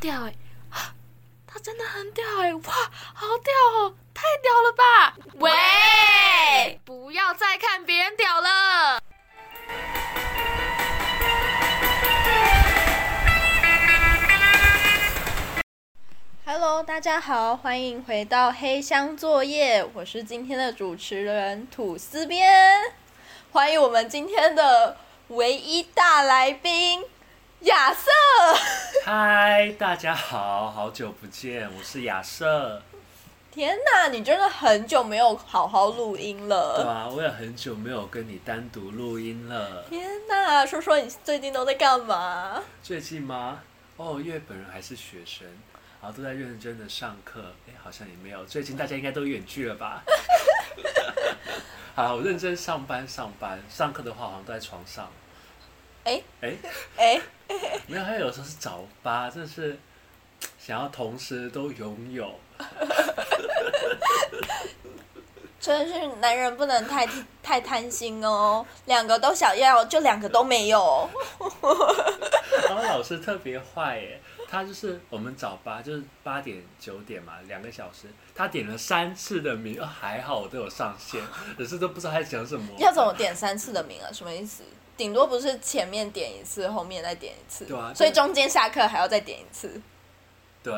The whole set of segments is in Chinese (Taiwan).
屌哎， 他真的很屌哎！哇，好屌哦，太屌了吧！喂， 不要再看別人屌了。Hello，大家好，歡迎回到黑箱作業，我是今天的主持人吐司邊，歡迎我們今天的唯一大來賓。亞雅瑟，嗨， 大家好，好久不見，我是亞瑟。天哪，你真的很久沒有好好錄音了。對啊，我也很久沒有跟你單獨錄音了。天哪，說說你最近都在幹嘛？最近嗎？哦，因為本人還是學生，然後都在認真的上課。哎，好像也沒有，最近大家應該都遠距了吧？ 好，我認真上班，上班，上課的話好像都在床上。哎哎哎！誒誒沒有，他有時候是早八，就是想要同時都擁有。 真的是男人不能太太貪心哦，兩個都想要就兩個都沒有。然 後老師特別壞耶，他就是我們早八就是八點九點嘛，兩個小時，他點了三次的名，還好我都有上線，可是都不知道他講什麼。要怎麼點三次的名啊？什麼意思？頂多不是前面點一次，後面再點一次，對啊，所以中間下課還要再點一次，對，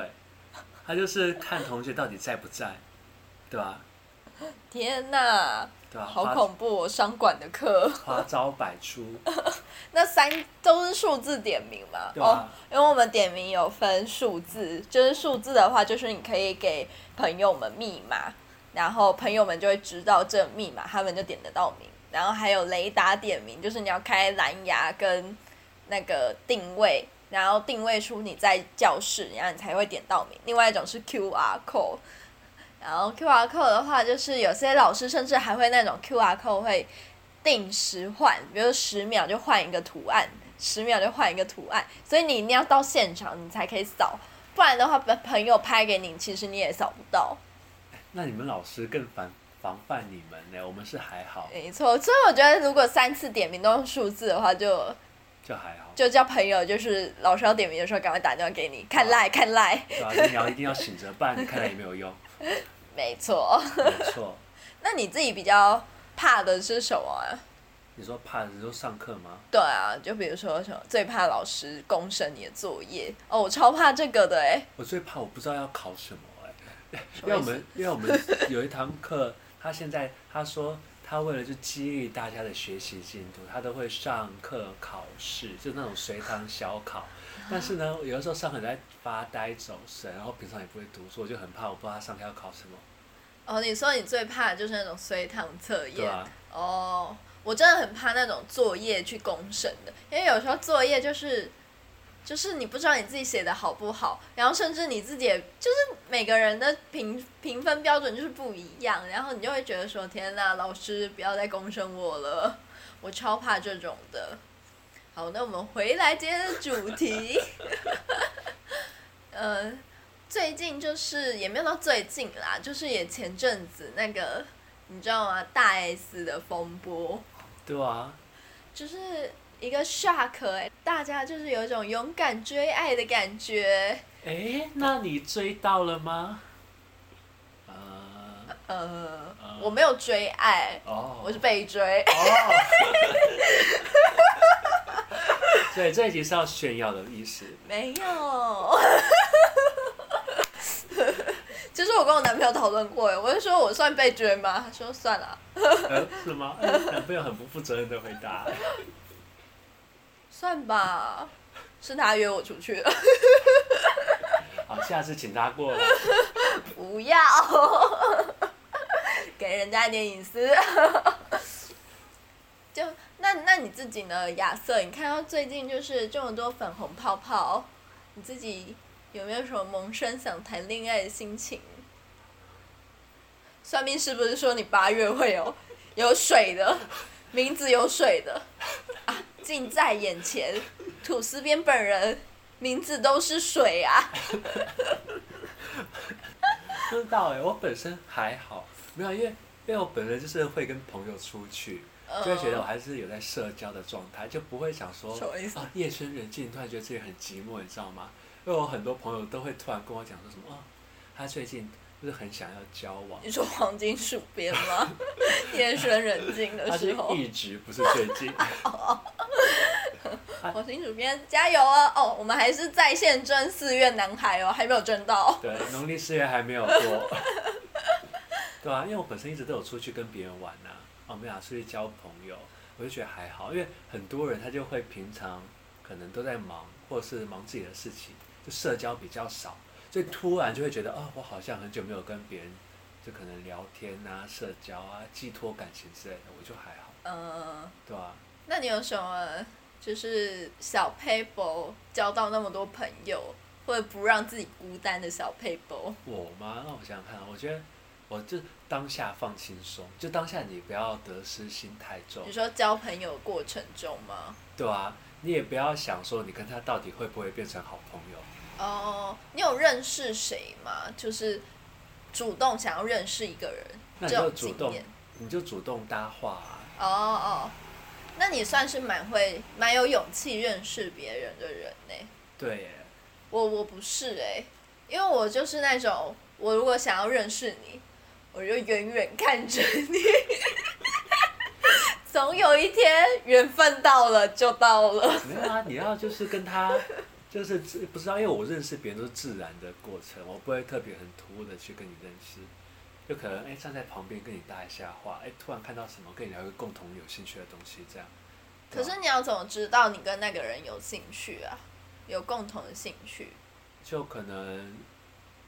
他就是看同學到底在不在，對、啊、天吶、啊，對啊，好恐怖、哦，商發管的課，花招百出。 那三都是數字點名嘛？對、啊 oh, 因為我們點名有分數字，就是數字的話，就是你可以給朋友們密碼，然後朋友們就會知道這密碼，他們就點得到名。然後還有雷達點名，就是你要開藍牙跟那個定位，然後定位出你在教室，然後你才會點到名。另外一種是 QR code，然後 QR code 的話，就是有些老師甚至還會那種 QR code 會定時換，比如十秒就換一個圖案，十秒就換一個圖案，所以你一定要到現場你才可以掃，不然的話，朋友拍給你，其實你也掃不到。那你們老師更煩。防範你們呢、欸，我們是還好。沒錯，所以我覺得如果三次點名都用數字的話就，就就還好，就叫朋友，就是老師要點名的時候，趕快打電話給你，啊、看賴看賴。對啊，你要一定要醒着辦， 看來也沒有用。沒錯。沒錯。 那你自己比較怕的是什麼、啊？你說怕的是說上課嗎？對啊，就比如說什麼最怕老師公審你的作業，哦，我超怕這個的哎、欸。我最怕我不知道要考什麼哎、欸，因為我們因為我們有一堂課。他現在他說他為了就激勵大家的學習進度，他都會上課考試，就那種隨堂小考。但是呢，有的時候上課在發呆走神，然後平常也不會讀書，我就很怕，我不知道他上課要考什麼。哦，你說你最怕的就是那種隨堂測驗。對啊。哦，我真的很怕那種作業去公審的，因為有時候作業就是。就是你不知道你自己寫的好不好，然後甚至你自己也就是每個人的評評分標準就是不一樣，然後你就會覺得說：“天哪，老師不要再公審我了，我超怕這種的。”好，那我們回來今天的主題。 呃，最近就是也沒有到最近啦，就是也前陣子那個，你知道嗎？大 S 的風波。對啊。就是。一個 shock、欸、大家就是有一種勇敢追愛的感覺。哎、欸，那你追到了嗎？呃，呃呃我沒有追愛。哦。Oh. 我是被追。哦。Oh. 對，所以這一集是要炫耀的意思。沒有。哈哈哈！其實我跟我男朋友討論過，哎，我就說我算被追嗎？他說算了。 呃、是嗎、呃？男朋友很不負責任的回答。算吧，是他約我出去的。 好，下次請他過來。 不要， 給人家一點隱私。 就那那你自己呢，亞瑟？你看到最近就是這麼多粉紅泡泡，你自己有沒有什麼萌生想談戀愛的心情？算命是不是說你八月會有有水的，名字有水的。 近在眼前，吐司邊本人名字都是水啊！知道哎，我本身還好，沒有，因為因為我本身就是會跟朋友出去，就會覺得我還是有在社交的狀態，就不會想說，啊，夜深人靜突然覺得自己很寂寞，你知道嗎？因為我很多朋友都會突然跟我講說什麼啊，他最近。不是很想要交往。你說黃金主編嗎？ 夜深人靜的時候。一直不是最近。黃金主編加油哦！哦，我們還是在線爭四月男孩哦，還沒有爭到。對，農曆四月還沒有過。 對啊，因為我本身一直都有出去跟別人玩吶、啊，我們倆出去交朋友，我就覺得還好，因為很多人他就會平常可能都在忙，或是忙自己的事情，就社交比較少。以突然，就會覺得，哦，我好像很久沒有跟別人，就可能聊天啊、社交啊、寄托感情之類的，我就還好。嗯，對啊。那你有什麼就是小撇步交到那麼多朋友，會不讓自己孤單的小撇步？我嗎？那我想想看，我覺得我就當下放輕鬆，就當下你不要得失心太重。你說交朋友的過程中嗎？對啊，你也不要想說你跟他到底會不會變成好朋友。哦，oh, 你有認識誰嗎？就是主動想要認識一個人，那你就主動，你就主動搭話、啊。哦哦，那你算是蠻會、蠻有勇氣認識別人的人呢、欸。對耶，我我不是哎、欸，因為我就是那種，我如果想要認識你，我就遠遠看着你， 總有一天緣分到了就到了。沒有啊，你要就是跟他。 就是自不知道、啊，因為我認識別人都是自然的過程，我不會特別很突兀的去跟你認識，就可能哎、欸、站在旁邊跟你搭一下話，哎、欸、突然看到什麼跟你聊一個共同有興趣的東西這樣。可是你要怎麼知道你跟那個人有興趣啊？有共同的興趣？就可能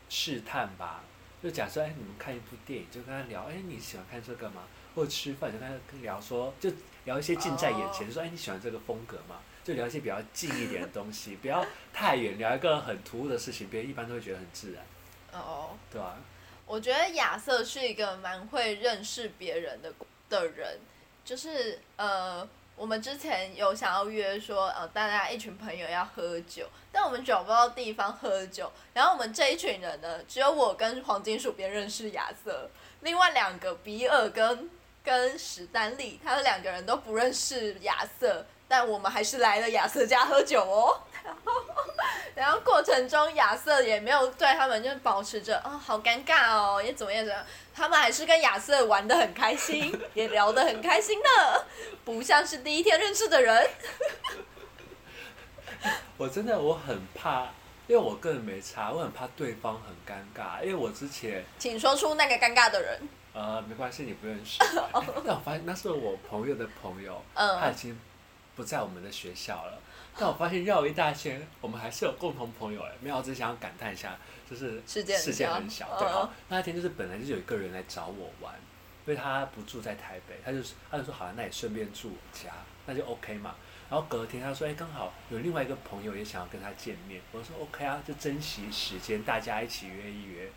試探吧，就假設哎你們看一部電影就跟他聊，哎、欸、你喜歡看這個嗎？或者吃飯就跟他聊說，就聊一些近在眼前，oh. 就說哎、欸、你喜歡這個風格嗎？就聊一些比較近一點的東西， 不要太遠。聊一個人很突兀的事情，別人一般都會覺得很自然。哦。Oh, 對啊，我覺得亞瑟是一個蠻會認識別人的的人，就是呃，我們之前有想要約說呃，大家一群朋友要喝酒，但我們找不到地方喝酒。然後我們這一群人呢，只有我跟黃金鼠別認識亞瑟，另外兩個比爾跟跟史丹利，他們兩個人都不認識亞瑟。但我們還是來了亞瑟家喝酒哦，然後過程中亞瑟也沒有對他們，就保持着啊、哦、好尷尬哦，也怎麼樣怎麼樣，他們還是跟亞瑟玩得很開心，也聊得很開心的，不像是第一天認識的人。我真的我很怕，因為我個人沒差，我很怕對方很尷尬，因為我之前請說出那個尷尬的人。呃，沒關係，你不認識，但我發現那是我朋友的朋友，嗯，他已經。不在我們的學校了，但我發現繞一大圈， 我們還是有共同朋友了沒有，我只想要感嘆一下，就是世界很小， 對吧？那天就是本來就有一個人來找我玩，因為他不住在台北，他就是他就說好了，那也順便住我家，那就 OK 嘛。然後隔天他說，哎、欸，剛好有另外一個朋友也想要跟他見面，我說 OK 啊，就珍惜時間，大家一起約一約。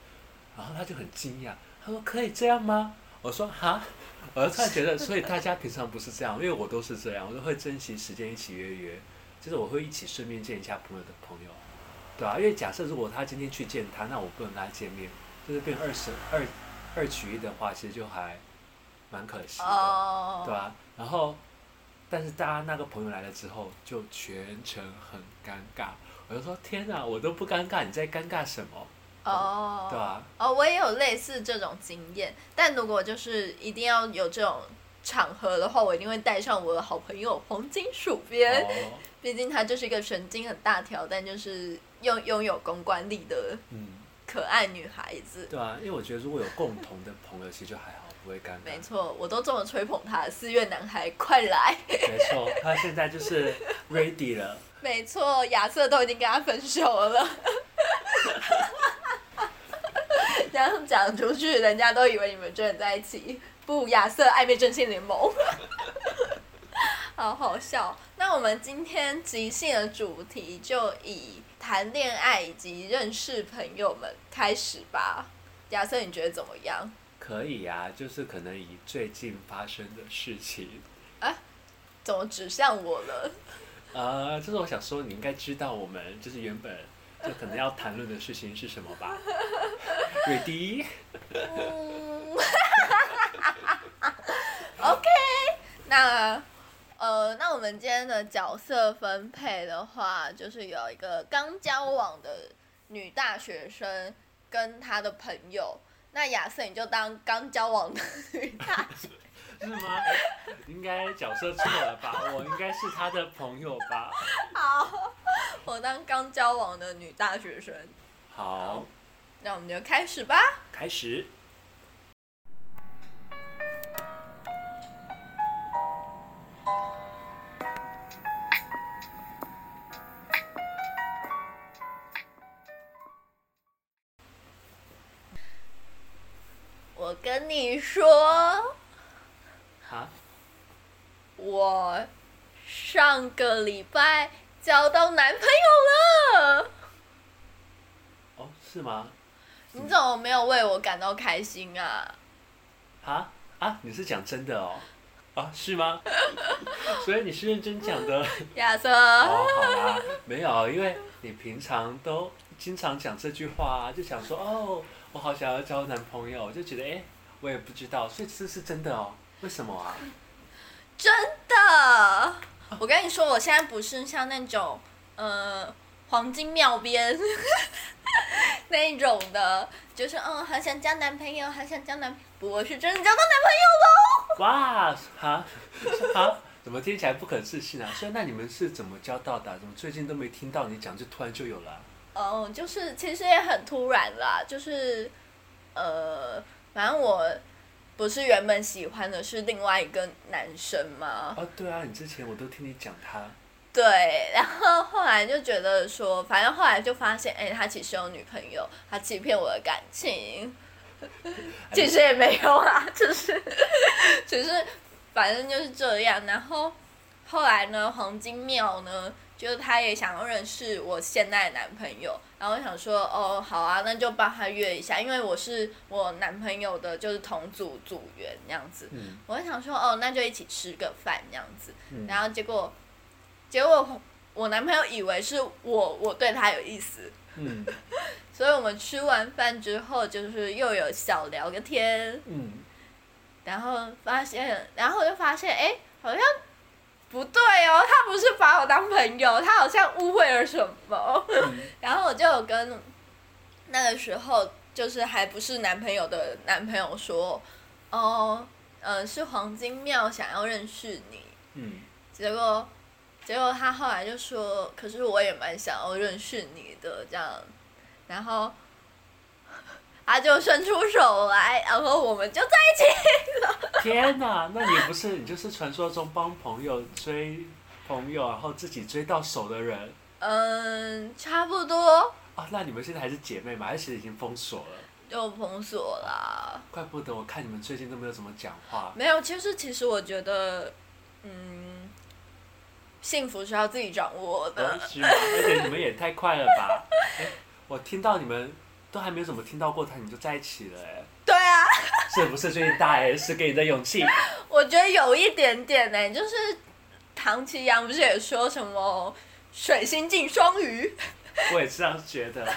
然後他就很驚訝，他說可以這樣嗎？我說哈，我就突然覺得，所以大家平常不是這樣？因為我都是這樣，我都會珍惜時間一起約約，就是我會一起順便見一下朋友的朋友，對吧？因為假設如果他今天去見他，那我不能跟他見面，就是變二十二二取一的話，其實就還蠻可惜的，對吧？然後，但是大家那個朋友來了之後，就全程很尷尬，我就說天哪，我都不尷尬，你在尷尬什麼？哦，oh, 對啊，哦，oh, 我也有類似這種經驗。但如果就是一定要有這種場合的話，我一定會帶上我的好朋友黃金鼠邊，oh. 畢竟她就是一個神經很大條，但就是擁擁有公關力的可愛女孩子，嗯。對啊，因為我覺得如果有共同的朋友， 其實就還好，不會尷尬。沒錯，我都這麼吹捧他的，四月男孩快來。 沒錯，他現在就是 ready 了。沒錯，亞瑟都已經跟他分手了。 這樣講出去，人家都以為你們真的在一起。不，亞瑟，曖昧陣線聯盟， 好好笑。那我們今天即興的主題就以談戀愛以及認識朋友們開始吧。亞瑟，你覺得怎麼樣？可以啊，就是可能以最近發生的事情。啊？怎麼指向我了？呃，就是我想說，你應該知道，我們就是原本。就可能要談論的事情是什麼吧，Ready。 o、okay, k 那呃，那我們今天的角色分配的話，就是有一個剛交往的女大學生跟她的朋友。那亞瑟，你就當剛交往的女大學生。學是嗎？應該角色錯了吧？我應該是他的朋友吧？ 好，我當剛交往的女大學生。好，好，那我們就開始吧。開始。我跟你說。我上個禮拜交到男朋友了。哦，是嗎？你怎麼沒有為我感到開心啊？啊啊！你是講真的哦？啊，是嗎？ 所以你是認真講的？亞瑟、 啊。啊、哦，好啦、啊，沒有，因為你平常都經常講這句話、啊，就想說哦，我好想要交男朋友，就覺得、欸、我也不知道，所以這是真的哦？為什麼啊？真的，我跟你說，我現在不是像那種，呃，黃金妙編， 那種的，就是嗯，還、哦、想交男朋友，還想交男不，我是真的交到男朋友了，哦。哇，哈，哈，怎麼聽起來不可置信啊？說那你們是怎麼交到的，啊？怎麼最近都沒聽到你講，就突然就有了，啊？哦，嗯，就是其實也很突然啦，就是，呃，反正我。不是原本喜歡的是另外一個男生嗎？啊，oh, 對啊，你之前我都聽你講他。對，然後後來就覺得說，反正後來就發現，哎，他其實有女朋友，他欺騙我的感情。 其實也沒有啊，只、就是，只、就是，反正就是這樣，然後。後來呢，黃金廟呢，就是他也想認識我現在的男朋友，然後我想說，哦，好啊，那就幫他約一下，因為我是我男朋友的，就是同組組員這樣子。嗯、我就想說，哦，那就一起吃個飯這樣子，嗯、然後結果，結果我男朋友以為是我，我對他有意思。嗯、 所以我們吃完飯之後，就是又有小聊個天。嗯。然後發現，然後就發現，哎、欸，好像。不對哦，他不是把我當朋友，他好像誤會了什麼。嗯、然後我就跟那個時候就是還不是男朋友的男朋友說，哦，嗯、呃，是黃金廟想要認識你。嗯、結果，結果他後來就說：“可是我也蠻想要認識你的，這樣。”然後。他就伸出手來，然後我們就在一起了。天哪！那你不是你就是傳說中幫朋友追朋友，然後自己追到手的人。嗯，差不多。哦，那你們現在還是姐妹嗎？還是已經封鎖了？又封鎖啦。怪不得我看你們最近都沒有怎麼講話。沒有，其實其實我覺得，嗯，幸福是要自己掌握的。而且你們也太快了吧！ 欸，我聽到你們。都還沒有怎麼聽到過他，你就在一起了哎、欸！對啊，是不是最近大 S 的給你的勇氣？ 我覺得有一點點呢、欸。就是唐綺陽不是也說什麼水星進雙魚？ 我也是這樣覺得。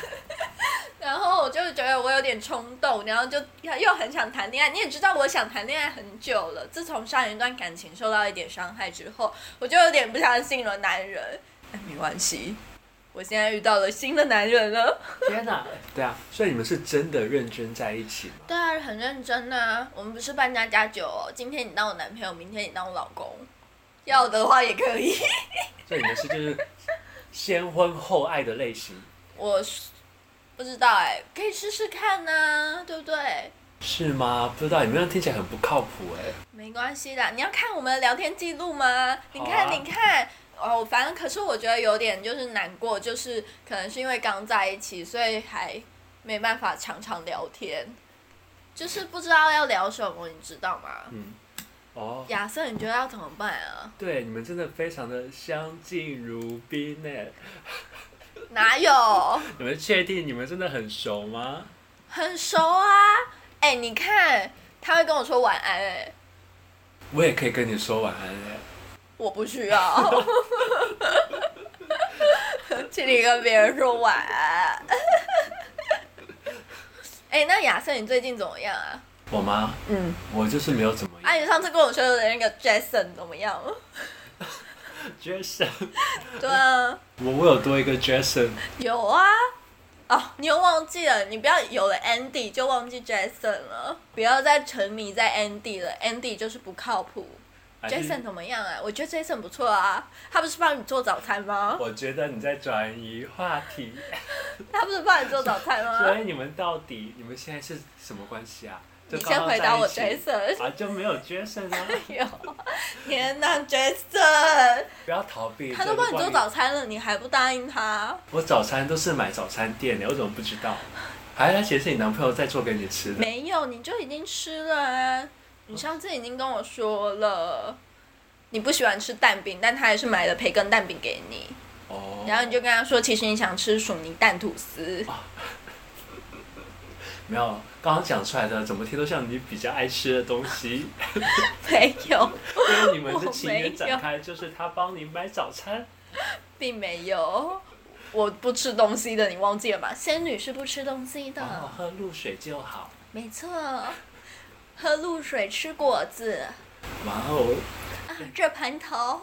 然後我就覺得我有點衝動，然後就又很想談戀愛。你也知道，我想談戀愛很久了。自從上一段感情受到一點傷害之後，我就有點不相信了男人。沒關係。我現在遇到了新的男人了。 天哪、啊！對啊，所以你們是真的認真在一起嗎？對啊，很認真啊。我們不是扮家家酒哦。今天你當我男朋友，明天你當我老公，要的話也可以。 所以你們是就是先婚後愛的類型？ 我是不知道哎、欸，可以試試看呢、啊，對不對？是嗎？不知道，你們要聽起來很不靠譜哎、欸。沒關係的，你要看我們的聊天記錄嗎？啊、你看，你看。哦，反正可是我覺得有點就是難過，就是可能是因為剛在一起，所以還沒辦法常常聊天，就是不知道要聊什麼，你知道嗎？嗯，哦。亞瑟，你覺得要怎麼辦啊？對，你們真的非常的相敬如賓呢。哪有？ 你們確定你們真的很熟嗎？很熟啊！哎，你看，他會跟我說晚安哎。我也可以跟你說晚安哎。我不需要，請 你跟別人說完。啊。哎、 欸，那亞森，你最近怎麼樣啊？我嗎媽？嗯，我就是沒有怎麼樣。哎、啊，你上次跟我說的那個 Jason 怎麼樣 ？Jason，對啊。我我有多一個 Jason？有啊。哦，你又忘記了，你不要有了 Andy 就忘記 Jason 了，不要再沉迷在 Andy 了，Andy 就是不靠譜。啊、Jason 怎麼樣啊？我覺得 Jason 不錯啊，他不是幫你做早餐嗎？我覺得你在轉移話題。 他不是幫你做早餐嗎？所以，所以你們到底你們現在是什麼關係啊？高高你先回答我 Jason 啊，就沒有 Jason 啊？沒有、哎，天哪，Jason！不要逃避。他都幫你做早餐了，你還不答應他？我早餐都是買早餐店的，我怎麼不知道？哎，那其實是你男朋友在做給你吃的，沒有你就已經吃了啊。你上次已經跟我說了，你不喜歡吃蛋餅，但他還是買了培根蛋餅給你。哦、然後你就跟他說，其實你想吃薯泥蛋吐司。哦。沒有，剛剛講出來的，怎麼聽都像你比較愛吃的東西。沒有。 因為你們的情人展開，就是他幫你買早餐。並沒有。我不吃東西的，你忘記了吧？仙女是不吃東西的。我，哦、喝露水就好。沒錯。喝露水，吃果子，哇哦 Wow.、啊，這盤桃。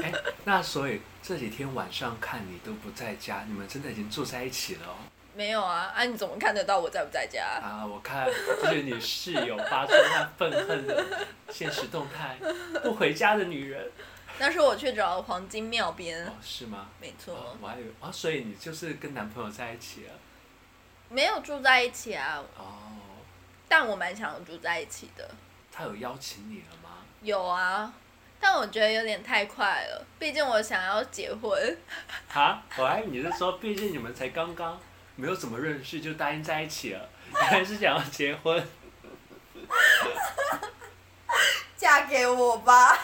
哎， 那所以這幾天晚上看你都不在家，你們真的已經住在一起了、哦？沒有啊，啊你怎麼看得到我在不在家？啊，我看就是你室友發出那憤恨的現實動態，不回家的女人。那是我去找黃金廟邊。哦，是嗎？沒錯、哦。我還以為啊、哦，所以你就是跟男朋友在一起了？沒有住在一起啊。哦。但我蠻想住在一起的。他有邀請你了嗎？有啊，但我覺得有點太快了。畢竟我想要結婚。啊！喂、wow，你是說，畢竟你們才剛剛沒有怎麼認識，就答應在一起了？你還是想要結婚？ 嫁給我吧！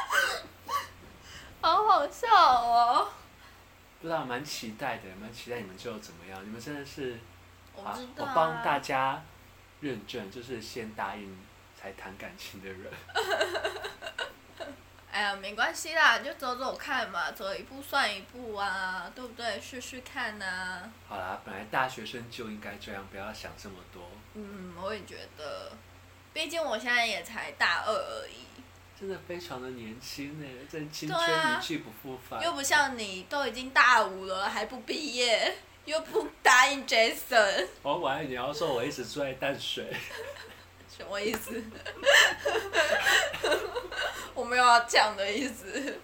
好好笑哦。不知道，蠻期待的，蠻期待你們最後怎麼樣？你們真的是，啊啊、我幫大家。認真就是先答應，才談感情的人。 哎呀，沒關係啦，就走走看嘛，走一步算一步啊，對不對？試試看啊。好啦，本來大學生就應該這樣，不要想這麼多。嗯，我也覺得，畢竟我現在也才大二而已。真的非常的年輕呢、欸，在青春一去、啊、不復返。又不像你，都已經大五了，還不畢業。又不答應 Jason。我管你，然後說我一直住在淡水。 什麼意思？ 我沒有要講的意思。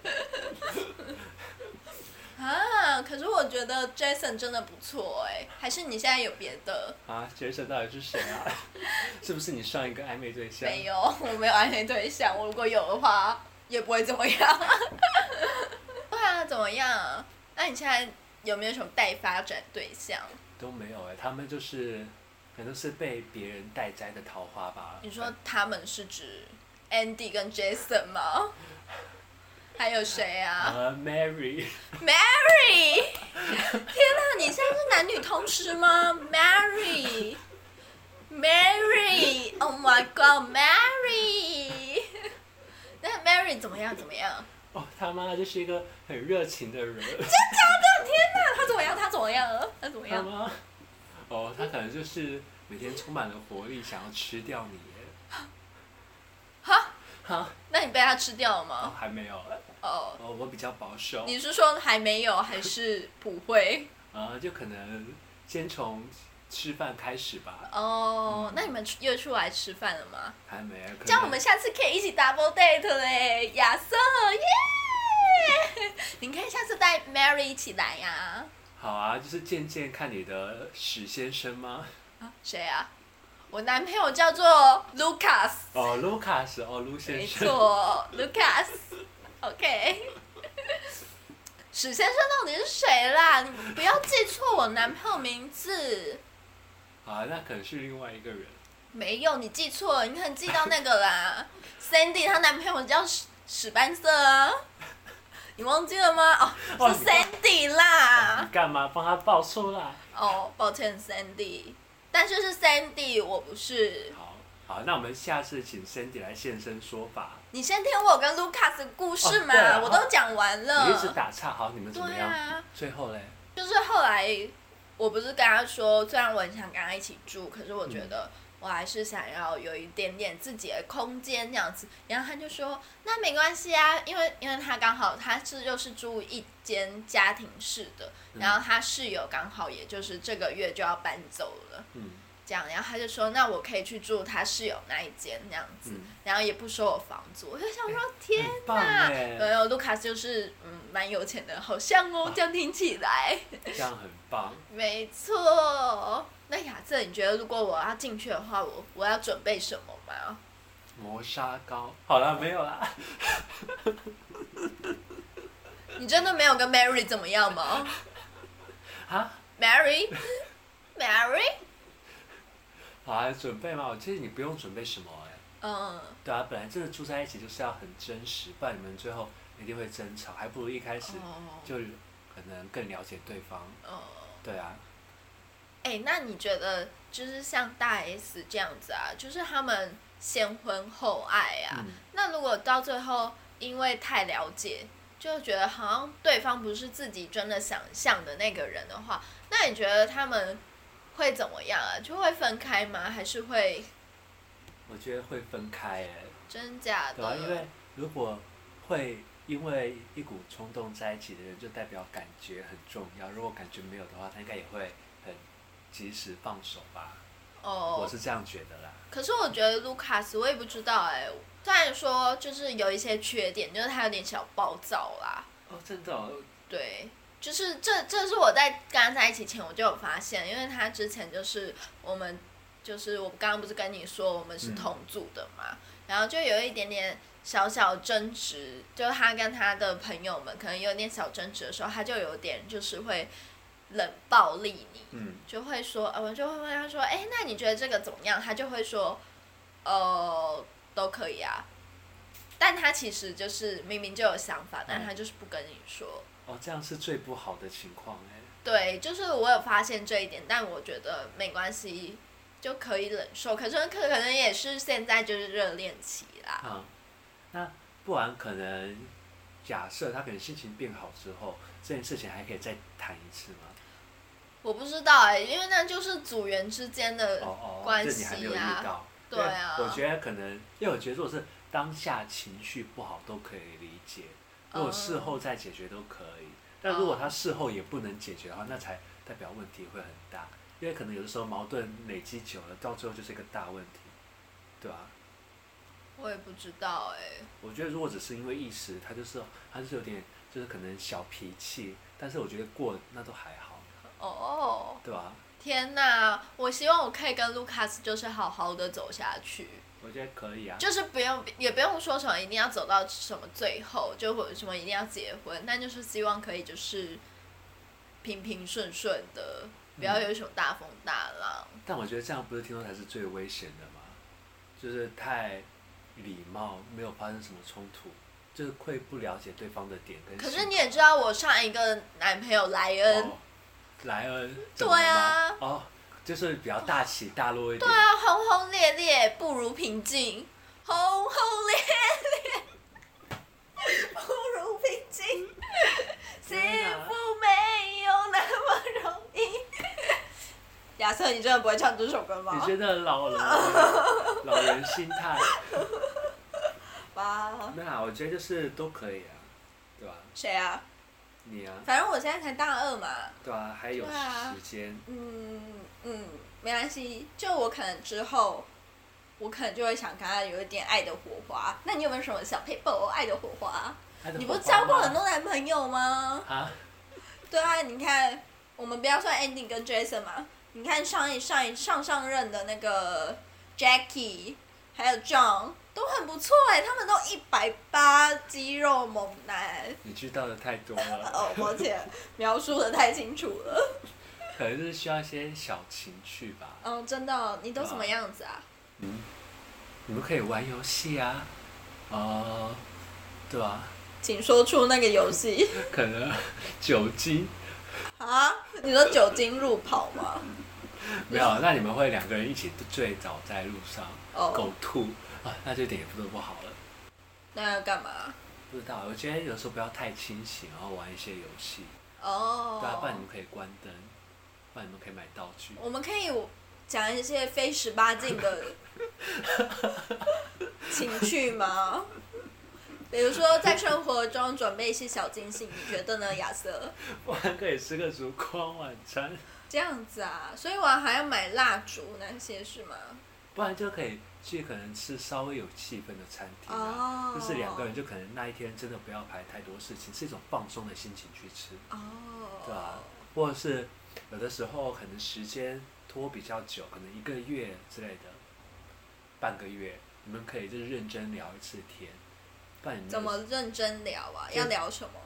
啊！可是我覺得 Jason 真的不錯哎、欸，還是你現在有別的？啊，Jason 到底是誰啊？ 是不是你上一個曖昧對象？ 沒有，我沒有曖昧對象。我如果有的話，也不會怎麼樣。對 啊，怎麼樣？那、啊、你現在？有沒有什麼待發展對象？都沒有哎、欸，他們就是，可能是被別人待摘的桃花吧。你說他們是指 Andy 跟 Jason 嗎？ 還有誰啊？Mary。Mary，天哪！你現在是男女通吃嗎？Mary，Mary，Oh my God，Mary， 那 Mary 怎麼樣？怎麼樣？哦，oh, 他媽就是一個很熱情的人。 真假的，天怎麼樣？他怎麼樣？他怎麼樣？哦，他，嗎 oh, 他可能就是每天充滿了活力，想要吃掉你耶。哈？哈？ Huh? Huh? 那你被他吃掉了嗎？Oh, 還沒有。哦。哦，我比較保守。你是說還沒有，還是不會？啊， uh, 就可能先從吃飯開始吧。哦，oh, 那你們又出來吃飯了嗎？嗯、還沒。這樣我們下次可以一起 double date 嘞，亞瑟耶！你可以下次帶 Mary 一起來呀、啊。好啊，就是漸漸看你的史先生嗎？啊，誰啊？我男朋友叫做 Lucas。哦，Lucas，哦，Lucas。沒錯，Lucas，OK。史先生到底是誰啦？你不要記錯我男朋友名字。好啊，那可能是另外一個人。沒有，你記錯了，你可能記到那個啦。 Sandy，她男朋友叫史史班瑟。你忘記了嗎？哦、oh, 哇，是 Sandy 啦！你幹嘛幫他爆出啦？哦，oh, 抱歉，Sandy，但是是 Sandy，我不是。好，好，那我們下次請 Sandy 來現身說法。你先聽我跟 Lucas 的故事嘛，oh, 我都講完了、哦。你一直打岔，好，你們怎麼樣？啊、最後嘞？就是後來，我不是跟他說，雖然我很想跟他一起住，可是我覺得、嗯。我還是想要有一點點自己的空間這樣子，然後他就說：“那沒關係啊，因為因為他剛好他是又、就是住一間家庭式的，然後他室友剛好也就是這個月就要搬走了。”嗯這樣，然後他就說：“那我可以去住他室友那一間，那樣子，嗯、然後也不收我房租。”我就想說：“欸、天哪！哎呦，盧卡斯就是嗯，蠻有錢的，好像哦，這樣聽起來。啊”這樣很棒。沒錯，那雅瑟，你覺得如果我要進去的話，我我要準備什麼嗎？磨砂膏，好啦，哦、沒有啦。 你真的沒有跟 Mary 怎麼樣嗎？啊，Mary，Mary。Mary？ Mary？好啊，準備嘛，我其實你不用準備什麼耶，哎。嗯嗯。對啊，本來就是住在一起，就是要很真實。不然你們最後一定會爭吵，還不如一開始就可能更了解對方。哦、嗯。對啊。哎、欸，那你覺得就是像大 S 這樣子啊，就是他們先婚後愛啊？嗯、那如果到最後因為太了解，就覺得好像對方不是自己真的想象的那個人的話，那你覺得他們？會怎麼樣啊？就會分開嗎？還是會？我覺得會分開，欸，哎。真假的。對啊，因為如果會因為一股衝動在一起的人，就代表感覺很重要。如果感覺沒有的話，他應該也會很及時放手吧。哦。Oh, 我是這樣覺得啦。可是我覺得盧卡斯，我也不知道哎，欸。雖然說就是有一些缺點，就是他有點小暴躁啦。Oh, 真的哦，暴躁。對。就是這，這是我在跟他在一起前我就有發現，因為他之前就是我們，就是我剛剛不是跟你說我們是同組的嘛，嗯、然後就有一點點小小爭執，就是他跟他的朋友們可能有點小爭執的時候，他就有點就是會冷暴力你，嗯、就會說，呃，我就會問他說，哎、欸，那你覺得這個怎麼樣？他就會說，哦、呃，都可以啊。但他其實就是明明就有想法，但他就是不跟你說。嗯哦，這樣是最不好的情況，欸，哎。對，就是我有發現這一點，但我覺得沒關係，就可以忍受。可是可可能也是現在就是熱戀期啦。嗯，那不然可能假設他可能心情變好之後，這件事情還可以再談一次嗎？我不知道哎、欸，因為那就是組員之間的關係啊。這你還沒有遇到。對啊。我覺得可能，因為我覺得，如果是當下情緒不好，都可以理解。如果事後再解決都可以，但如果他事後也不能解決的話，那才代表問題會很大，因為可能有的時候矛盾累積久了，到最後就是一個大問題，對吧？我也不知道哎、欸。我覺得如果只是因為一時，他就是他就是有點就是可能小脾氣，但是我覺得過那都還好。哦。Oh, 對吧？天哪！我希望我可以跟盧卡斯就是好好的走下去。我覺得可以啊。就是不用，也不用說什麼一定要走到什麼最後，就或者什麼一定要結婚，但就是希望可以就是，平平順順的，不要有什麼大風大浪、嗯。但我覺得這樣不是聽說才是最危險的嗎？就是太禮貌，沒有發生什麼衝突，就是會不了解對方的點跟性格。可是你也知道，我上一個男朋友萊恩。哦，萊恩。對啊。哦就是比較大起大落一點、哦。對啊，轟轟烈烈不如平靜，轟轟烈烈不如平靜。真的、啊。幸福沒有那麼容易。亞、啊、瑟，你真的不會唱這首歌嗎？你真的老，老人， 老人心態。吧哇。那我覺得就是都可以啊，對吧？誰啊？你啊。反正我現在才大二嘛。對啊，還有時間。啊、嗯。嗯，沒關係。就我可能之後，我可能就會想看他有一點愛的火花。那你有沒有什麼小配布、哦、愛的火花？火花你不是交過很多男朋友嗎？啊？對啊，你看，我們不要算 Ending 跟 Jason 嘛，你看上一上一上上任的那個 Jacky，還有 John 都很不錯哎，他們都一百八肌肉猛男。你知道的太多了 哦，抱歉，描述的太清楚了。可能是需要一些小情趣吧。嗯，oh, 真的，哦，你都什麼樣子啊？嗯，你們可以玩遊戲啊，哦、uh。對吧？請說出那個遊戲。 可能酒精。 啊，你說酒精路跑嗎？ 沒有，那你們會兩個人一起醉倒在路上，嘔吐啊，那這點也不是不好了。那要幹嘛？不知道，我覺得有時候不要太清醒，然後玩一些遊戲。哦。Oh. 對啊，不然你們可以關燈。我們可以買道具。我們可以講一些非十八禁的情趣嗎？ 比如說，在生活中準備一些小驚喜，你覺得呢，亞瑟？我還可以吃個燭光晚餐。這樣子啊，所以我還要買蠟燭那些是嗎？不然就可以去可能吃稍微有氣氛的餐廳啊，oh. 就是兩個人就可能那一天真的不要排太多事情，是一種放鬆的心情去吃哦，oh. 對啊，或者是。有的時候可能時間拖比較久，可能一個月之類的，半個月，你們可以就是認真聊一次天。不然你怎麼認真聊啊？就要聊什麼？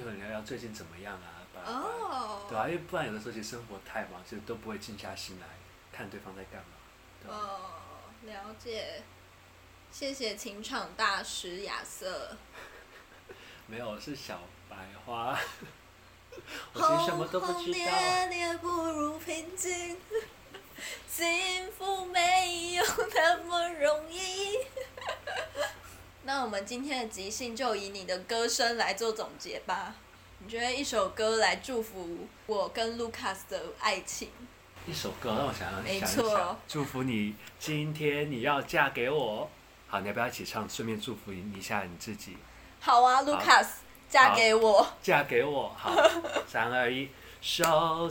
就你聊聊最近怎麼樣啊？哦，oh. 對啊。因為不然有的時候其實生活太忙，就是都不會靜下心來看對方在幹嘛。哦，oh, 了解，謝謝情場大師亞瑟。 沒有，是小白花。 轟轟烈烈不如平靜，幸福沒有那麼容易。那我們今天的即興就以你的歌聲來做總結吧。你覺得一首歌來祝福我跟 Lucas 的愛情？一首歌，讓、嗯、我想讓你想一想，祝福你今天你要嫁給我。好，你要不要一起唱？順便祝福一下你自己。好啊，Lucas。嫁給我，嫁給我，好，三二一，手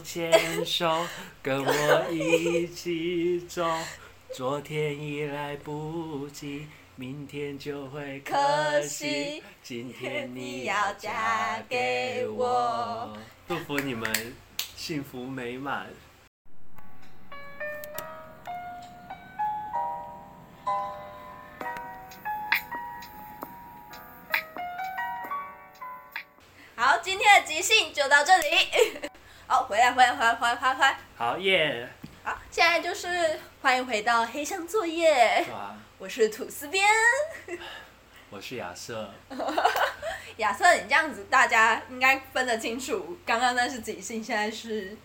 牽手，跟我一起走， 以昨天已來不及，明天就會可惜，可惜今天你，你要嫁給我，祝福你們幸福美滿。今天的即興就到這裡。好，回來，回來，回來，回來，回來。好耶！Yeah. 好，現在就是歡迎回到黑箱作業。啊、我是吐司邊。我是亞瑟。亞 瑟，你這樣子，大家應該分得清楚。剛剛那是即興，現在是。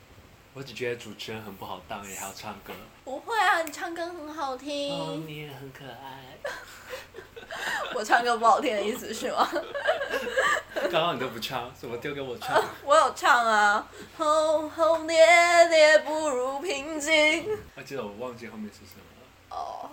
我只覺得主持人很不好當，也還要唱歌。不會啊，你唱歌很好聽。Oh, 你也很可愛。 我唱歌不好聽的意思是嗎？剛 剛你都不唱，怎麼丟給我唱 呃？我有唱啊，轟轟烈烈不如平靜。我、啊、記得我忘記後面是什麼了。哦。哦。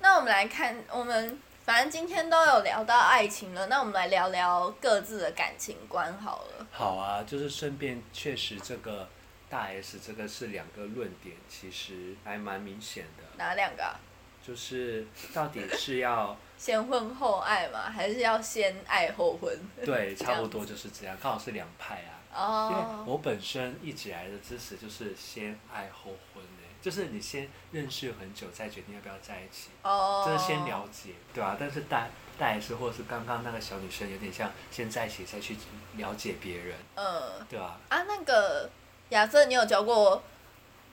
那我們來看，我們反正今天都有聊到愛情了，那我們來聊聊各自的感情觀好了。好啊，就是順便確實這個大 S 這個是兩個論點，其實還蠻明顯的。哪兩個、啊？就是到底是要 先婚後愛嘛，還是要先愛後婚？對，差不多就是這樣。剛 子好是兩派啊。哦。Oh. 因為我本身一直以來的支持就是先愛後婚、欸、就是你先認識很久，oh. 再決定要不要在一起。哦。Oh. 就是先了解，對吧、啊？但是大、大 S 也或是剛剛那個小女生有點像，先在一起再去了解別人。Oh. 啊、嗯。對吧？啊，那個，亞瑟，你有交過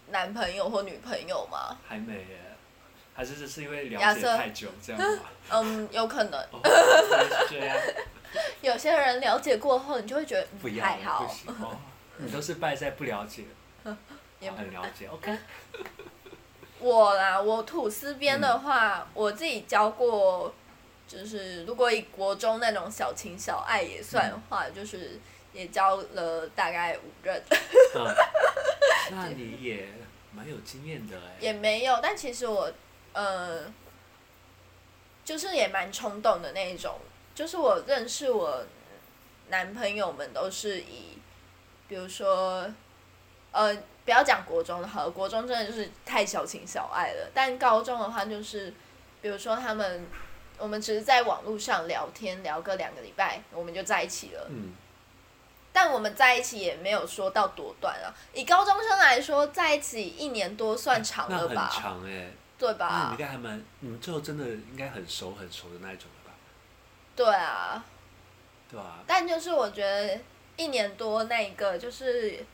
男朋友或女朋友嗎？還沒耶。還是是因為了解太久，這樣吧？嗯，有可能。這樣，有些人了解過後，你就會覺得還好。不喜歡，你都是敗在不了解。也很了解，OK。我啦，我吐司邊的話，我自己教過，就是如果以國中那種小情小愛也算的話，就是也教了大概五任。那你也蠻有經驗的哎。也沒有，但其實我。呃，就是也蠻衝動的那一種，就是我認識我男朋友們都是以，比如說，呃，不要講國中的好了，國中真的就是太小情小愛了。但高中的話，就是，比如說他們，我們只是在網絡上聊天聊個兩個禮拜，我們就在一起了。嗯。但我們在一起也沒有說到多短啊。以高中生來說，在一起一年多算長了吧？啊，那很長欸。對吧？啊、你應該還蠻，你們最後真的應該很熟很熟的那一種了吧？對啊。對啊。但就是我覺得一年多那個就是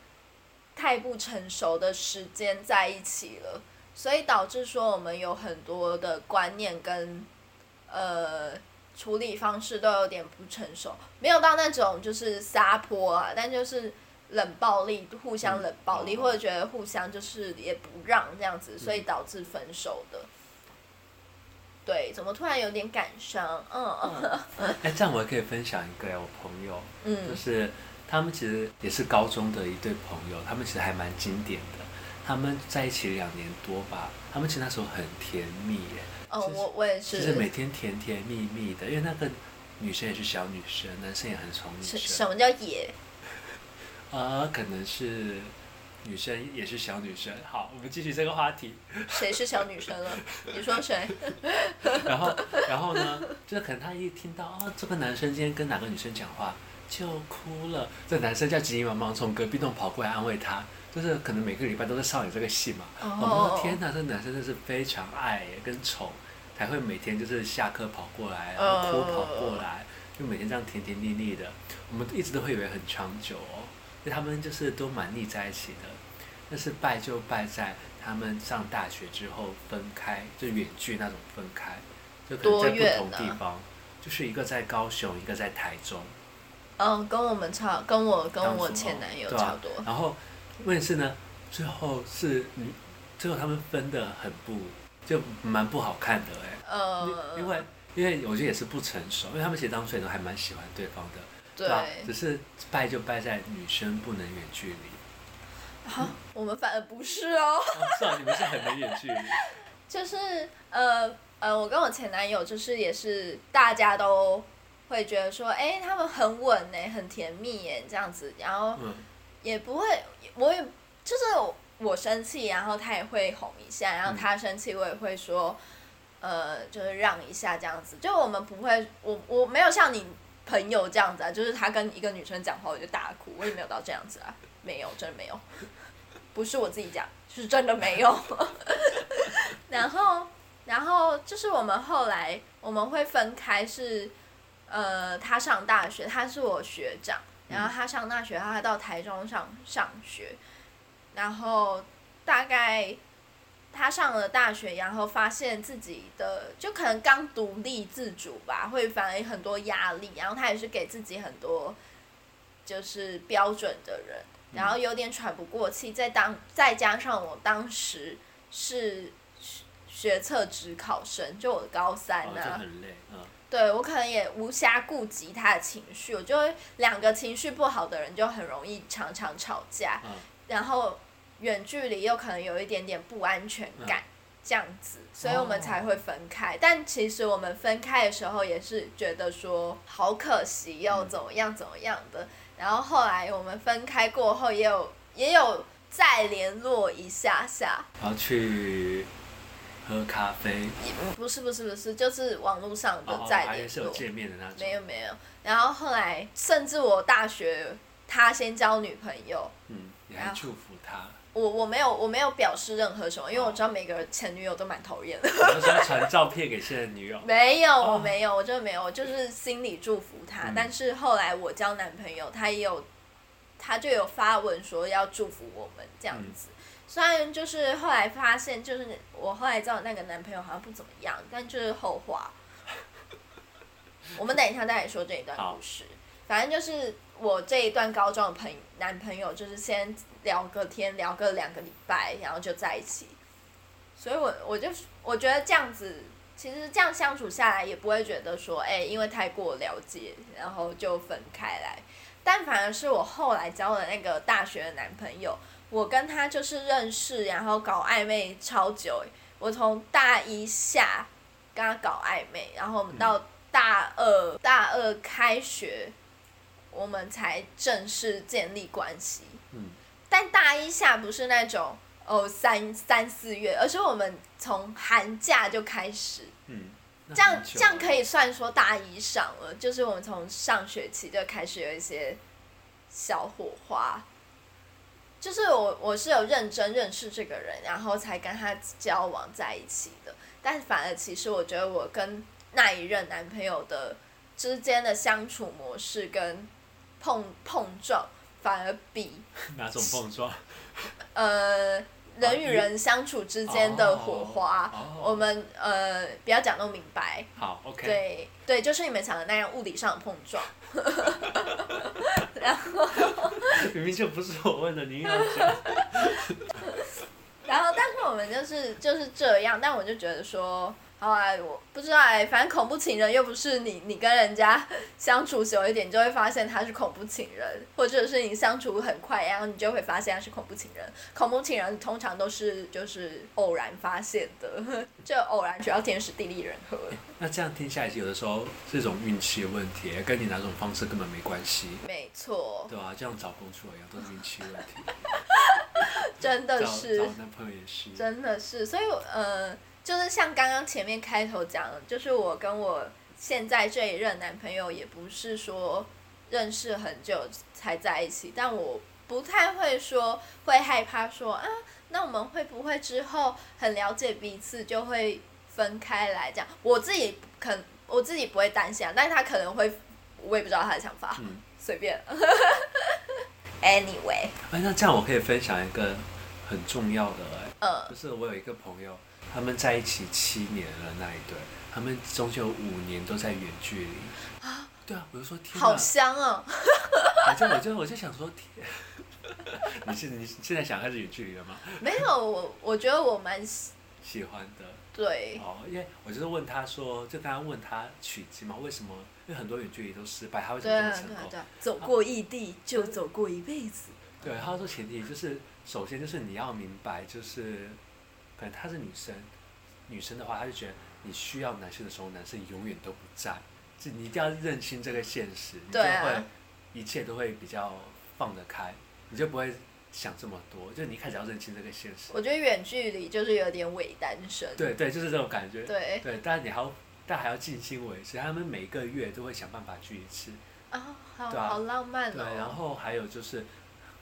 太不成熟的時間在一起了，所以導致說我們有很多的觀念跟呃處理方式都有點不成熟，沒有到那種就是撒潑啊，但就是。冷暴力，互相冷暴力，嗯、或者覺得互相就是也不讓這樣子，嗯、所以導致分手的。對，怎麼突然有點感傷？嗯。哎、嗯欸，這樣我還可以分享一個呀，我朋友，嗯，就是他們其實也是高中的一對朋友，他們其實還蠻經典的，他們在一起兩年多吧，他們其實那時候很甜蜜耶，嗯，就是、我我也是。就是每天甜甜蜜蜜的，因為那個女生也是小女生，男生也很寵女生。什麼叫野？啊、呃，可能是女生也是小女生。好，我們繼續這個話題。誰是小女生了？ 你說誰？然後，然後呢？就是可能他一聽到哦，這個男生今天跟哪個女生講話，就哭了。這男生就急急忙忙從隔壁棟跑過來安慰他。就是可能每個禮拜都在上演這個戲嘛。哦。Oh. 我們說天哪，這男生真是非常愛跟寵，才會每天就是下課跑過來，然後哭跑過來，oh. 就每天這樣甜甜蜜蜜的。我們一直都會以為很長久。哦。他們就是都蠻膩在一起的，但是敗就敗在他們上大學之後分開，就遠距那種分開，就可能在不同地方，啊、就是一個在高雄，一個在台中。嗯、哦，跟我們差，跟我跟我前男友差不多、哦啊。然後問題是呢，最後是嗯，最後他們分的很不，就蠻不好看的哎、欸。呃，因為因為我覺得也是不成熟，因為他們其實當時也都還蠻喜歡對方的。對，只是敗就敗在女生不能遠距離。啊，嗯、我們反而不是哦。是啊算了，你們是很能遠距離。就是呃呃，我跟我前男友就是也是，大家都會覺得說，哎、欸，他們很穩呢、欸，很甜蜜、欸，這樣子。然後也不會，我也就是我生氣，然後他也會哄一下，然後他生氣我也會說，嗯、呃，就是讓一下這樣子。就我們不會，我我沒有像你。朋友這樣子啊，就是他跟一個女生講話，我就大哭。我也沒有到這樣子啊，沒有，真的沒有，不是我自己講，就是真的沒有。 然後，然後就是我們後來我們會分開，是，呃，他上大學，他是我學長，然後他上大學，他到台中上上學，然後大概。他上了大學，然後發現自己的就可能剛獨立自主吧，會反而很多壓力。然後他也是給自己很多，就是標準的人，嗯、然後有點喘不過氣。再當再加上我當時是學測指考生，就我的高三呢，啊，哦哦、對，我可能也無暇顧及他的情緒。我就兩個情緒不好的人就很容易常常吵架，哦、然後遠距離又可能有一點點不安全感，這樣子，所以我們才會分開。但其實我們分開的時候也是覺得說好可惜又怎麼樣怎麼樣的。然後後來我們分開過後，也有也有再聯絡一下下。然後去喝咖啡？不是不是不是，就是網絡上的再聯絡。見面的那種。沒有沒有。然後後來甚至我大學他先交女朋友。嗯，也還祝福他。我我沒有我沒有表示任何什麼，因為我知道每個前女友都蠻討厭的。我們是要傳照片給現任女友？沒有，我沒有，我真的沒有，就是心裡祝福他。嗯、但是後來我交男朋友，他也有，他就有發文說要祝福我們這樣子。嗯、雖然就是後來發現，就是我後來交的那個男朋友好像不怎麼樣，但就是後話。 我們等一下再來說這一段故事。好反正就是我這一段高中的朋男朋友，就是先。聊個天，聊個兩個禮拜，然後就在一起。所以我，我我就我覺得這樣子，其實這樣相處下來也不會覺得說，哎、欸，因為太過了解，然後就分開來。但反而是我後來交了那個大學的男朋友，我跟他就是認識，然後搞曖昧超久。我從大一下跟他搞曖昧，然後我們到大二大二開學，我們才正式建立關係。嗯。但大一下不是那種哦，三三四月，而是我們從寒假就開始這樣、嗯、這樣可以算說大一上了。就是我們從上學期就開始有一些小火花，就是我我是有認真認識這個人，然後才跟他交往在一起的。但反而其實我覺得我跟那一任男朋友的之間的相處模式跟碰碰撞。反而比哪種碰撞？呃，人與人相處之間的火花，oh, oh, oh, oh, oh. 我們呃，不要講那麼明白。好、oh,，OK 對。對對，就是你們想的那樣，物理上的碰撞。 然後， 明明就不是我問的，你要講 然後，但是我們就是就是這樣，但我就覺得說。好哎、啊，我不知道哎、欸，反正恐怖情人又不是你，你跟人家相處久一點，你就會發現他是恐怖情人，或者是你相處很快一樣，然後你就會發現他是恐怖情人。恐怖情人通常都是就是偶然發現的，就偶然，主要天時地利人和、欸。那這樣聽下來，有的時候是一種運氣的問題，跟你哪種方式根本沒關係。沒錯錯。對啊，就像找工作一樣，都是運氣問題。 真的是。找男朋友也是。真的是，所以呃。就是像剛剛前面開頭講的，就是我跟我現在這一任男朋友也不是說認識很久才在一起，但我不太會說會害怕說啊，那我們會不會之後很了解彼此就會分開來講？我自己可我自己不會擔心啊，但是他可能會，我也不知道他的想法，隨、嗯、隨便。anyway 哎，那這樣我可以分享一個很重要的、欸，呃、嗯，就是我有一個朋友。他們在一起七年了，那一對，他們中間有五年都在遠距離。啊，對啊，我就說天。好香啊！我就我就我就想說天，你是你現在想開始遠距離了嗎？沒有，我我覺得我蠻喜歡的。對哦，因為我就是問他說，就剛剛問他取經嘛，為什麼？因為很多遠距離都失敗，他為什麼這麼成功？對對對，走過異地就走過一輩子。對，他說前提就是，首先就是你要明白，就是。可能她是女生，女生的話，她就覺得你需要男生的時候，男生永遠都不在，就你一定要認清這個現實，你就會一切都會比較放得開，啊、你就不會想這麼多，就你一開始要認清這個現實。我覺得遠距離就是有點偽單身。對對，就是這種感覺。對。對，但是你還但還要盡心維持，他們每個月都會想辦法聚一次。哦、啊，好好浪漫、哦、對，然後還有就是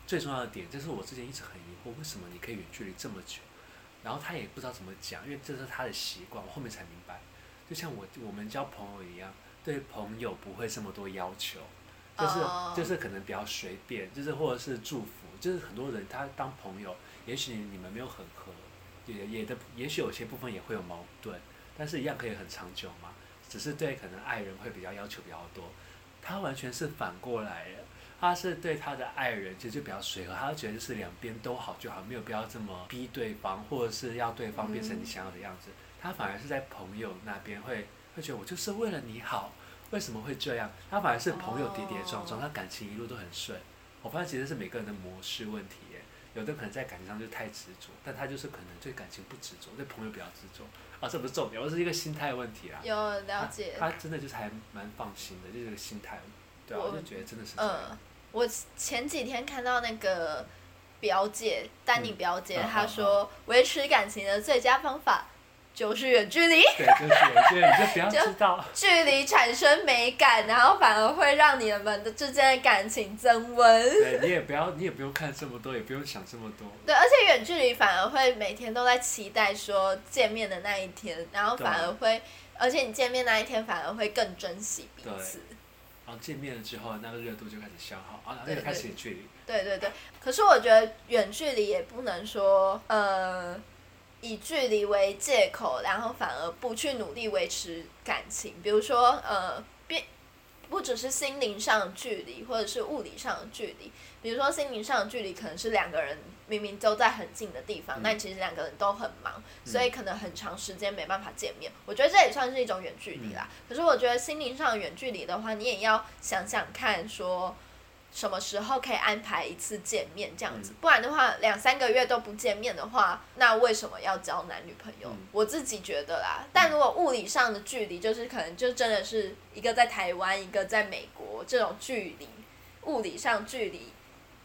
最重要的點，就是我之前一直很疑惑，為什麼你可以遠距離這麼久？然後他也不知道怎麼講，因為這是他的習慣。我後面才明白，就像我我們交朋友一樣，對朋友不會這麼多要求，就是就是可能比較隨便，就是或者是祝福，就是很多人他當朋友，也許你們沒有很合，也也的也許有些部分也會有矛盾，但是一樣可以很長久嘛。只是對可能愛人會比較要求比較多，他完全是反過來的。他是對他的愛人其實就比較隨和，他會覺得就是兩邊都好就好，沒有必要這麼逼對方，或者是要對方變成你想要的樣子。嗯、他反而是在朋友那邊會會覺得我就是為了你好，為什麼會這樣？他反而是朋友跌跌撞撞，哦、他感情一路都很順。我發現其實是每個人的模式問題耶，有的可能在感情上就太執着，但他就是可能對感情不執着，對朋友比較執着。啊、哦，這不是重點，是一個心態問題啦。有了解。他，他真的就是還蠻放心的，就是這個心態。對啊、我就覺得真的是、嗯、呃，我前幾天看到那個表姐，丹妮表姐，嗯啊、好好她說維持感情的最佳方法就是遠距離。對，對，對，對，就是遠距離，就不要知道。距離產生美感，然後反而會讓你們的之間的感情增溫。對，你也不要，你也不用看這麼多，也不用想這麼多。對，而且遠距離反而會每天都在期待說見面的那一天，然後反而會，對而且你見面那一天反而會更珍惜彼此。然後見面了之後，那個熱度就開始消耗。對對啊，那個、開始有距離。對對對，可是我覺得遠距離也不能說，呃，以距離為借口，然後反而不去努力維持感情，比如說，呃，變。不只是心靈上的距離，或者是物理上的距離。比如說，心靈上的距離可能是兩個人明明都在很近的地方，嗯、但其實兩個人都很忙，所以可能很長時間沒辦法見面。嗯、我覺得這也算是一種遠距離啦。嗯、可是我覺得心靈上遠距離的話，你也要想想看說。什麼時候可以安排一次見面這樣子？不然的話，兩三個月都不見面的話，那為什麼要交男女朋友？我自己覺得啦。但如果物理上的距離，就是可能就真的是一個在台灣，一個在美國這種距離，物理上距離，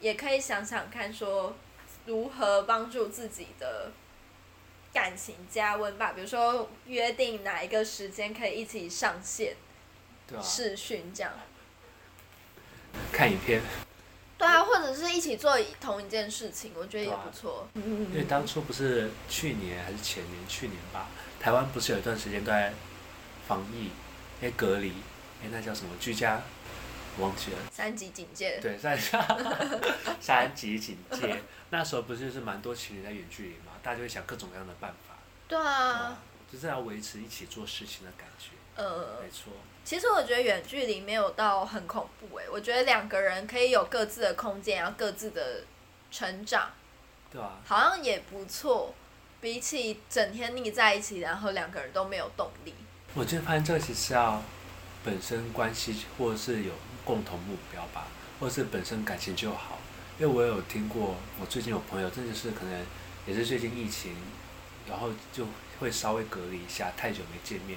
也可以想想看說如何幫助自己的感情加溫吧。比如說約定哪一個時間可以一起上線，對視訊這樣。看影片，對啊，或者是一起做同一件事情，我覺得也不錯、啊。因為當初不是去年還是前年，去年吧，台灣不是有一段時間都在防疫，哎、欸，隔離，哎，那叫什麼居家，我忘記了三。三級警戒。對，三級。三級警戒，那時候不是就是蠻多情侶在遠距離嘛，大家就會想各種各樣的辦法。對啊，對啊。就是要維持一起做事情的感覺。嗯、呃，沒錯。其實我覺得遠距離沒有到很恐怖欸，我覺得兩個人可以有各自的空間，然後各自的成長，對啊，好像也不錯。比起整天膩在一起，然後兩個人都沒有動力，我覺得反正其實要本身關係，或者是有共同目標吧，或者是本身感情就好。因為我有聽過，我最近有朋友，真的是可能也是最近疫情，然後就會稍微隔離一下，太久沒見面。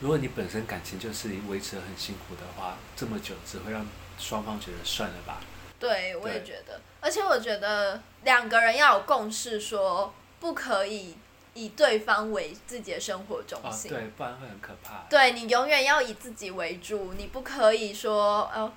如果你本身感情就是維持得很辛苦的話，這麼久只會讓雙方覺得算了吧。對，我也覺得，對而且我覺得兩個人要有共識說，說不可以以對方為自己的生活中心，啊、對，不然會很可怕。對，你永遠要以自己為主，你不可以說呃。啊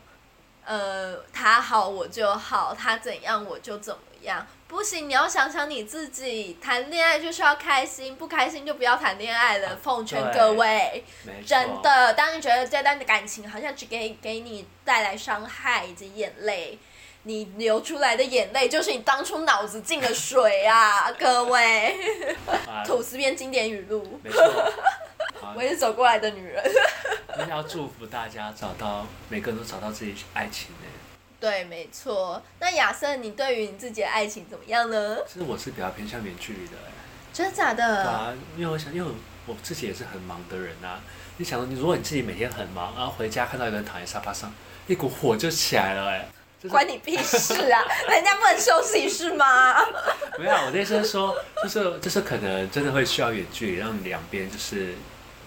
呃，他好我就好，他怎樣我就怎麼樣。不行，你要想想你自己，談戀愛就是要開心，不開心就不要談戀愛了。奉勸各位，沒錯。真的，當你覺得這段的感情好像只給給你帶來傷害以及眼淚，你流出來的眼淚就是你當初腦子進了水啊， 各位。啊、 吐司邊經典語錄。沒錯。啊、 我也是走過來的女人。 我要祝福大家找到每個人都找到自己愛情哎。對，沒錯。那亞瑟，你對於你自己的愛情怎麼樣呢？其實我是比較偏向遠距離的哎。真的假的？啊，因為我想，因為我自己也是很忙的人吶、啊。你想，你如果你自己每天很忙，然後回家看到一個人躺在沙發上，一股火就起來了哎。管、就是、你屁事啊！ 人家不能休息是嗎？ 沒有，我意思是說，就是就是可能真的會需要遠距離，讓兩邊就是。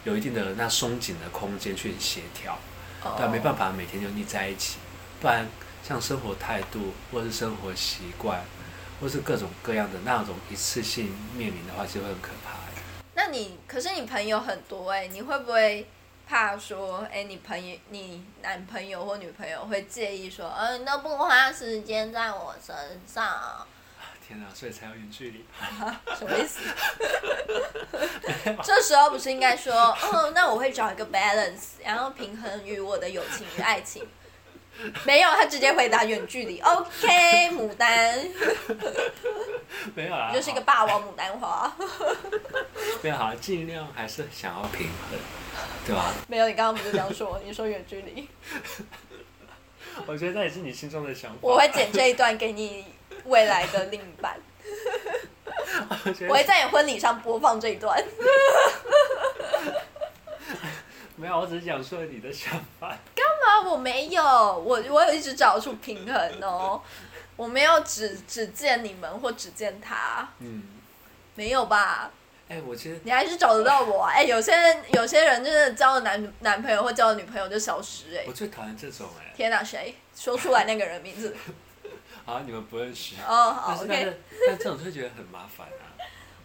有一定的那鬆緊的空間去協調，Oh. 但沒辦法每天就膩在一起，不然像生活態度或是生活習慣，或是各種各樣的那種一次性面臨的話，就會很可怕。那你可是你朋友很多誒、欸，你會不會怕說誒？欸、你朋友、你男朋友或女朋友會介意說，嗯、呃，你都不花時間在我身上？天哪，所以才有遠距離、啊？什麼意思？ 啊、這時候不是應該說，嗯、 哦，那我會找一個 balance，然後平衡與我的友情與愛情。 沒有，他直接回答遠距離。 OK，牡丹。 沒有啊啦，你就是一個霸王牡丹花。 沒有好，盡量還是想要平衡，對吧？沒有，你剛剛不是這樣說？你說遠距離。 我覺得那也是你心中的想法。我會剪這一段給你。未來的另一半， 我會在婚禮上播放這一段。 沒有，我只是講出了你的想法。幹嘛？我沒有，我我有一直找得出平衡哦。我沒有只只見你們或只見他。嗯，沒有吧？哎、欸，我其實你還是找得到我，啊。哎、欸，有些有些人就是交了男男朋友或交了女朋友就消失哎、欸。我最討厭這種哎、欸。天哪，誰說出來那個人名字？ 啊！你們不認識，哦、但是好但是好但是這種就會覺得很麻煩啊。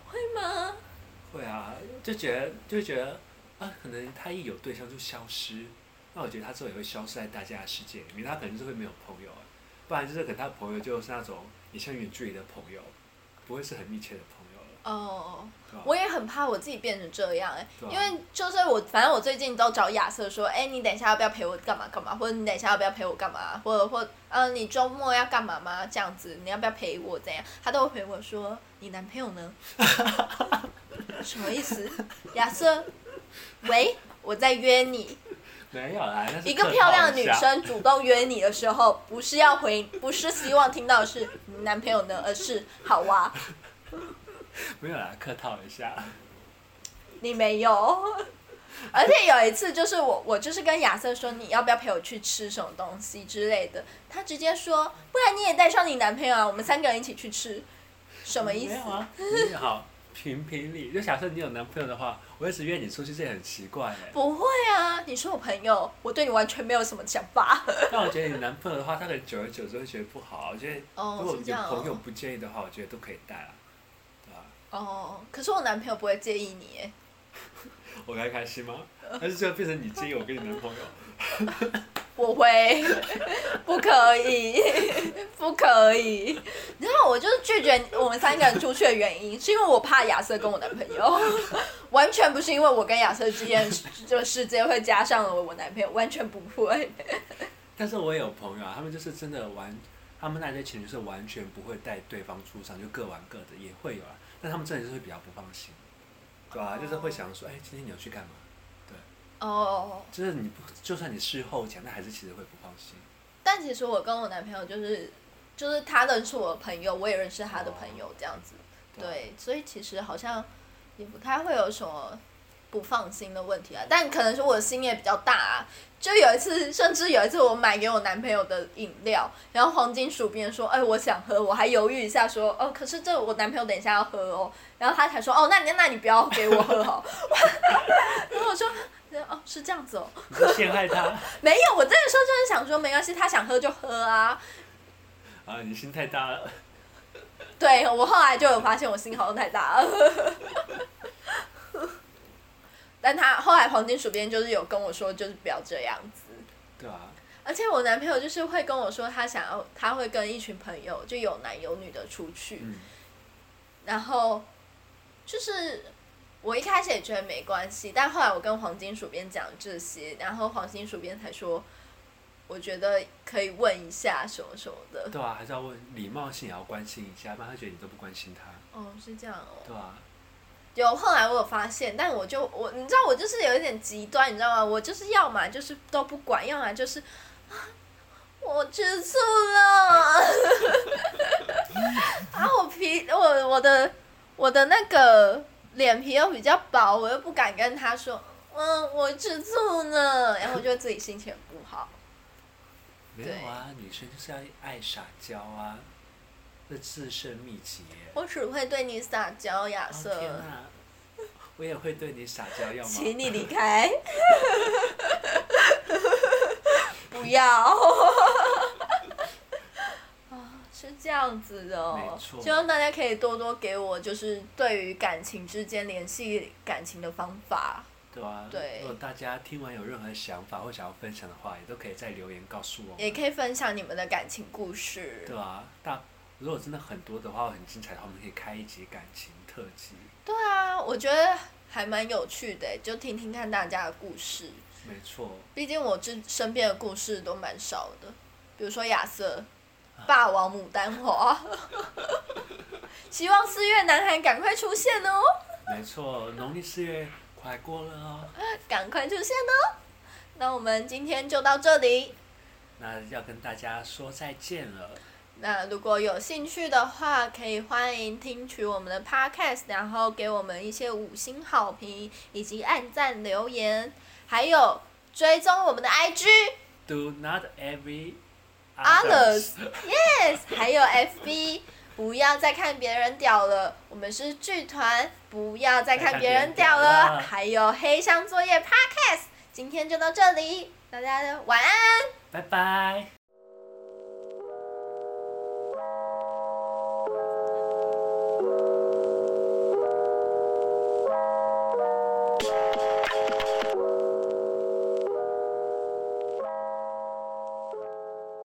會嗎？會啊，就覺得就覺得啊，可能他一有對象就消失，那我覺得他之後也會消失在大家的世界裡面。因為他可能就會沒有朋友、啊，不然就是可能他朋友就是那種你像遠距離的朋友，不會是很密切的朋友。哦，oh, oh. 我也很怕我自己變成這樣哎、欸，吧因為就是我，反正我最近都找亞瑟說，哎、欸，你等一下要不要陪我幹嘛幹嘛，或者你等一下要不要陪我幹嘛，或者或者，嗯、呃，你周末要幹嘛嗎？這樣子，你要不要陪我？這樣，他都會陪我說，你男朋友呢？ 什麼意思？亞瑟，喂，我在約你。沒有啦，一個漂亮的女生主動約你的時候，不是要回，不是希望聽到的是你男朋友呢，而是好哇、啊。沒有啦、啊，客套一下。你沒有，而且有一次就是我，我就是跟亞瑟說，你要不要陪我去吃什麼東西之類的，他直接說，不然你也帶上你男朋友啊，我們三個人一起去吃。什麼意思？沒有啊，你好，評評理，就假設你有男朋友的話，我一直約你出去，這也很奇怪、欸。不會啊，你是我朋友，我對你完全沒有什麼想法。但我覺得你男朋友的話，他可能久而久之會覺得不好。我覺得，如果你朋友不介意的話，我覺得都可以帶了。哦，可是我男朋友不會介意你，我該開心嗎？還是就變成你介意我跟你男朋友？我 會，不可以，不可以。然後我就是拒絕我們三個人出去的原因， 是因為我怕亞瑟跟我男朋友，完全不是因為我跟亞瑟之間就世界會加上了我男朋友，完全不會。但是我有朋友、啊，他們就是真的玩，他們那些情侶是完全不會帶對方出場，就各玩各的，也會有啊。但他們這裡就是會比較不放心，對吧、啊？就是會想說，哎、oh. 欸，今天你要去幹嘛？對。哦。Oh. 就是你不，就算你事後講，那還是其實會不放心。但其實我跟我男朋友就是，就是他認識我的朋友，我也認識他的朋友，這樣子。Oh. 對。對，所以其實好像也不太會有什麼不放心的問題啊。但可能是我的心也比較大，啊。就有一次，甚至有一次我買給我男朋友的飲料，然後黃金薯片說：“哎、欸，我想喝。”我還猶豫一下說：“哦，可是這我男朋友等一下要喝哦。”然後他才說：“哦，那你那你你不要給我喝哦。” 然後我說：“哦，是這樣子哦。”你陷害他？ 沒有，我這個時候就是想說沒關係，他想喝就喝啊。啊，你心太大了。對，我後來就有發現我心好像太大了。 但他後來黃金鼠編，就是有跟我說，就是不要這樣子。對啊。而且我男朋友就是會跟我說，他想要他會跟一群朋友，就有男有女的出去。然後，就是我一開始也覺得沒關係，但後來我跟黃金鼠編講這些，然後黃金鼠編才說，我覺得可以問一下什麼什麼的。對啊，還是要問，禮貌性也要關心一下，不然他覺得你都不關心他。哦，是這樣哦。對啊。有後來我有發現，但我就我，你知道我就是有一點極端，你知道嗎？我就是要嘛，就是都不管，要嘛就是，啊，我吃醋了。 啊，我皮，我我的我的那個臉皮又比較薄，我又不敢跟他說，嗯，啊，我吃醋了，然後我就自己心情不好。 對沒有啊，女生就是要愛撒嬌啊。自身秘籍。我只會對你撒嬌，亞瑟、啊。我也會對你撒嬌， 要貓。請你離開。 不要。 是這樣子的、哦。錯希望大家可以多多給我，就是對於感情之間聯繫感情的方法。對啊。對。如果大家聽完有任何想法或想要分享的話，也都可以在留言告訴我。也可以分享你們的感情故事。對啊，大。如果真的很多的話，很精彩的話，我們可以開一集感情特輯。對啊，我覺得還蠻有趣的，就聽聽看大家的故事。沒錯。畢竟我這身邊的故事都蠻少的，比如說亞瑟，啊、霸王牡丹花， 希望四月男孩趕快出現哦。沒錯，農曆四月快過了哦。趕快出現哦！那我們今天就到這裡。那要跟大家說再見了。呃，如果有興趣的話，可以歡迎聽取我們的 podcast，然後給我們一些五星好評以及按贊留言，還有追蹤我們的 IG。Do not envy others yes， 還有 FB，不要再看別人屌了，我們是劇團，不要再看別人屌了。屌了還有黑箱作業 podcast，今天就到這裡，大家晚安，拜拜。